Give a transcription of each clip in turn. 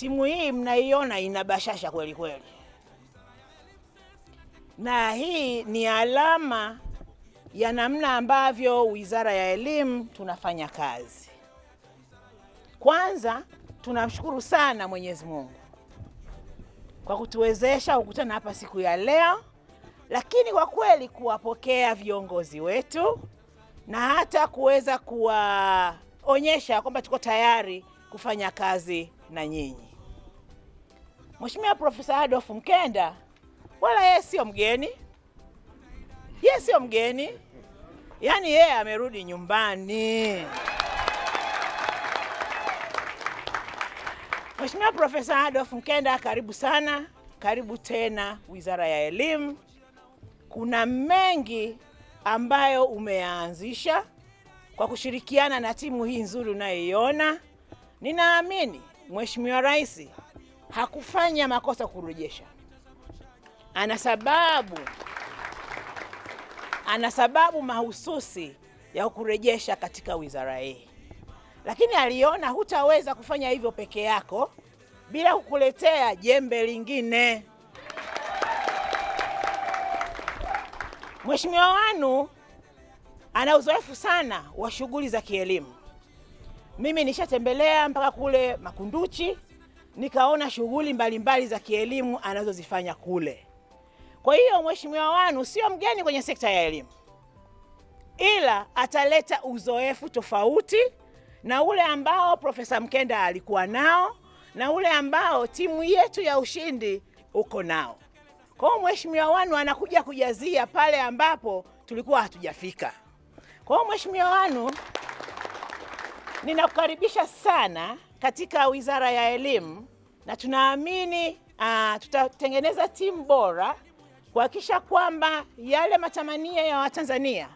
timu hii mnaiona ina bashasha kweli kweli, na hii ni alama ya namna ambavyo Wizara ya Elimu tunafanya kazi. Kwanza tunamshukuru sana Mwenyezi Mungu kwa kutuwezesha kukutana hapa siku ya leo, lakini kwa kweli kuwapokea viongozi wetu na hata kuweza kuwaonyesha kwamba tuko tayari kufanya kazi na nyinyi. Mheshimiwa Profesa Adolf Mkenda wala yeye sio mgeni, yeye sio mgeni, yaani yeye amerudi nyumbani. Mheshimiwa Profesa Adolf Mkenda, karibu sana, karibu tena Wizara ya Elimu. Kuna mengi ambayo umeyaanzisha kwa kushirikiana na timu hii nzuri unayoiona. Ninaamini Mheshimiwa Rais hakufanya makosa kurejesha, ana sababu ana sababu mahususi ya kurejesha katika wizara hii, lakini aliona hutaweza kufanya hivyo peke yako bila kukuletea jembe lingine. Mheshimiwa Wanu ana uzoefu sana wa shughuli za kielimu. Mimi nishatembelea mpaka kule Makunduchi nikaona shughuli mbalimbali za kielimu anazozifanya kule. Kwa hiyo Mheshimiwa Wanu sio mgeni kwenye sekta ya elimu, ila ataleta uzoefu tofauti na ule ambao Profesa Mkenda alikuwa nao na ule ambao timu yetu ya ushindi uko nao. Kwa hiyo Mheshimiwa Wanu anakuja kujazia pale ambapo tulikuwa hatujafika. Kwa hiyo Mheshimiwa Wanu ninakukaribisha sana katika Wizara ya Elimu na tunaamini uh, tutatengeneza timu bora kuhakikisha kwamba yale matamanio ya Watanzania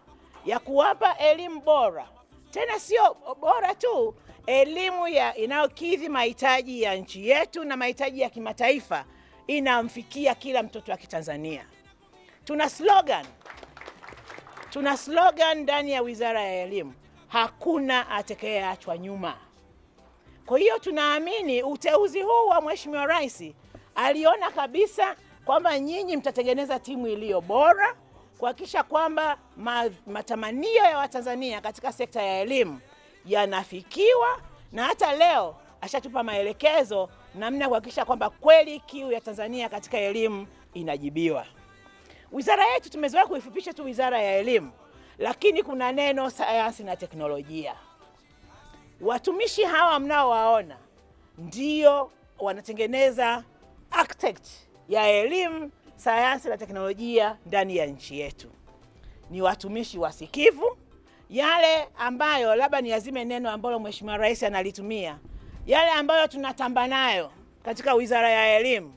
ya kuwapa elimu bora, tena sio bora tu, elimu ya inayokidhi mahitaji ya nchi yetu na mahitaji ya kimataifa inamfikia kila mtoto wa Kitanzania. Tuna slogan, tuna slogan ndani ya Wizara ya Elimu, hakuna atakayeachwa nyuma. Kwa hiyo tunaamini uteuzi huu wa Mheshimiwa Rais aliona kabisa kwamba nyinyi mtatengeneza timu iliyo bora kuhakikisha kwamba matamanio ya Watanzania katika sekta ya elimu yanafikiwa, na hata leo ashatupa maelekezo namna ya kuhakikisha kwamba kweli kiu ya Tanzania katika elimu inajibiwa. Wizara yetu tumezoea kuifupisha tu wizara ya elimu, lakini kuna neno sayansi na teknolojia. Watumishi hawa mnaowaona ndio wanatengeneza architect ya elimu, sayansi na teknolojia ndani ya nchi yetu. Ni watumishi wasikivu. Yale ambayo labda ni azime neno ambalo Mheshimiwa Rais analitumia, yale ambayo tunatamba nayo katika Wizara ya Elimu,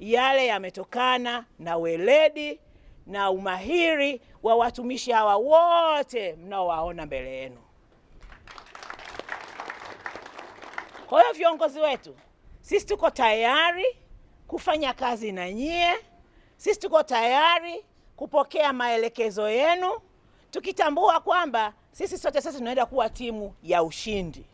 yale yametokana na weledi na umahiri wa watumishi hawa wote mnaowaona mbele yenu. Kwa hiyo viongozi wetu, sisi tuko tayari kufanya kazi na nyie, sisi tuko tayari kupokea maelekezo yenu, tukitambua kwamba sisi sote sasa tunaenda kuwa timu ya ushindi.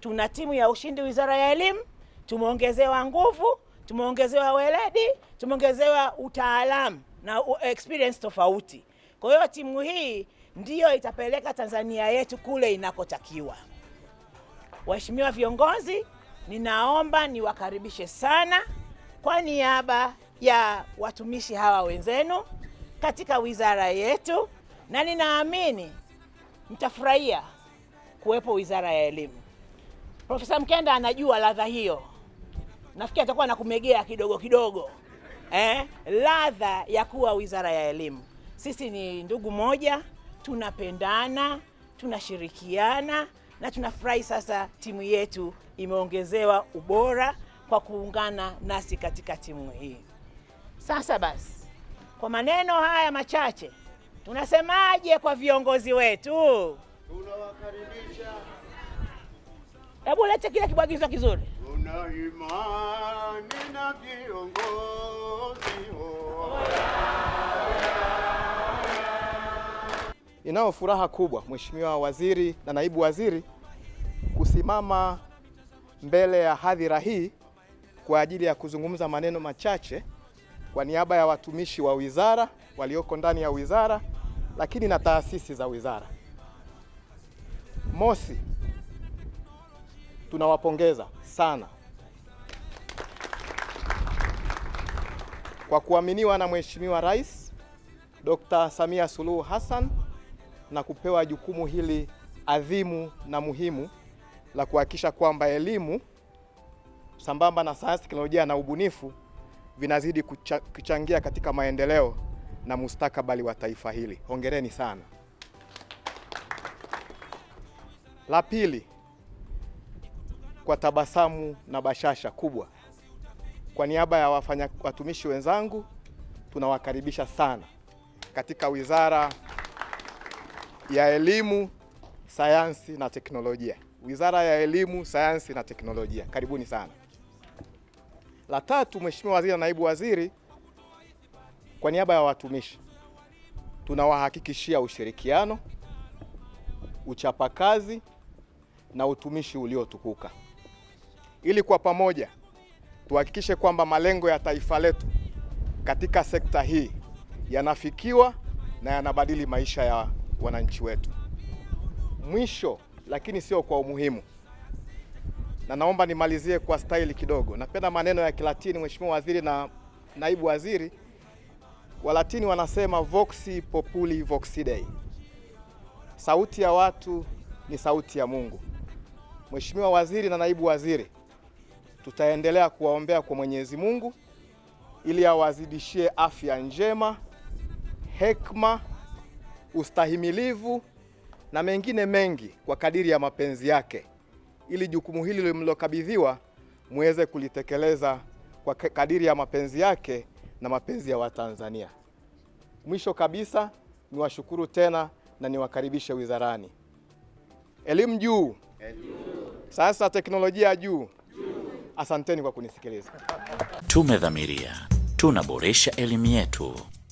Tuna timu ya ushindi Wizara ya Elimu, tumeongezewa nguvu, tumeongezewa weledi, tumeongezewa utaalamu na experience tofauti. Kwa hiyo timu hii ndiyo itapeleka Tanzania yetu kule inakotakiwa. Waheshimiwa viongozi, ninaomba niwakaribishe sana kwa niaba ya watumishi hawa wenzenu katika wizara yetu, na ninaamini mtafurahia kuwepo wizara ya elimu. Profesa Mkenda anajua ladha hiyo, nafikiri atakuwa nakumegea kidogo kidogo eh, ladha ya kuwa wizara ya elimu. Sisi ni ndugu moja, tunapendana, tunashirikiana na tunafurahi sasa timu yetu imeongezewa ubora kwa kuungana nasi katika timu hii. Sasa basi, kwa maneno haya machache, tunasemaje kwa viongozi wetu? Tunawakaribisha. Hebu lete kile kibwagizo kizuri. Tuna imani na viongozi furaha kubwa Mheshimiwa Waziri na Naibu Waziri Nimesimama mbele ya hadhira hii kwa ajili ya kuzungumza maneno machache kwa niaba ya watumishi wa wizara walioko ndani ya wizara, lakini na taasisi za wizara. Mosi, tunawapongeza sana kwa kuaminiwa na Mheshimiwa Rais Dr. Samia Suluhu Hassan na kupewa jukumu hili adhimu na muhimu la kuhakikisha kwamba elimu sambamba na sayansi, teknolojia na ubunifu vinazidi kucha, kuchangia katika maendeleo na mustakabali wa taifa hili. Hongereni sana. La pili, kwa tabasamu na bashasha kubwa, kwa niaba ya wafanya watumishi wenzangu tunawakaribisha sana katika Wizara ya Elimu, Sayansi na Teknolojia. Wizara ya Elimu, Sayansi na Teknolojia. Karibuni sana. La tatu, Mheshimiwa Waziri na Naibu Waziri, kwa niaba ya watumishi tunawahakikishia ushirikiano, uchapakazi na utumishi uliotukuka ili kwa pamoja tuhakikishe kwamba malengo ya taifa letu katika sekta hii yanafikiwa na yanabadili maisha ya wananchi wetu. Mwisho lakini sio kwa umuhimu. Na naomba nimalizie kwa staili kidogo. Napenda maneno ya Kilatini, Mheshimiwa Waziri na Naibu Waziri. Walatini wanasema vox populi vox Dei, sauti ya watu ni sauti ya Mungu. Mheshimiwa Waziri na Naibu Waziri, tutaendelea kuwaombea kwa Mwenyezi Mungu ili awazidishie afya njema, hekma, ustahimilivu na mengine mengi kwa kadiri ya mapenzi yake, ili jukumu hili mlilokabidhiwa muweze kulitekeleza kwa kadiri ya mapenzi yake na mapenzi ya Watanzania. Mwisho kabisa, niwashukuru tena na niwakaribishe wizarani. Elimu juu, sayansi na teknolojia juu. Asanteni kwa kunisikiliza. Tumedhamiria tunaboresha elimu yetu.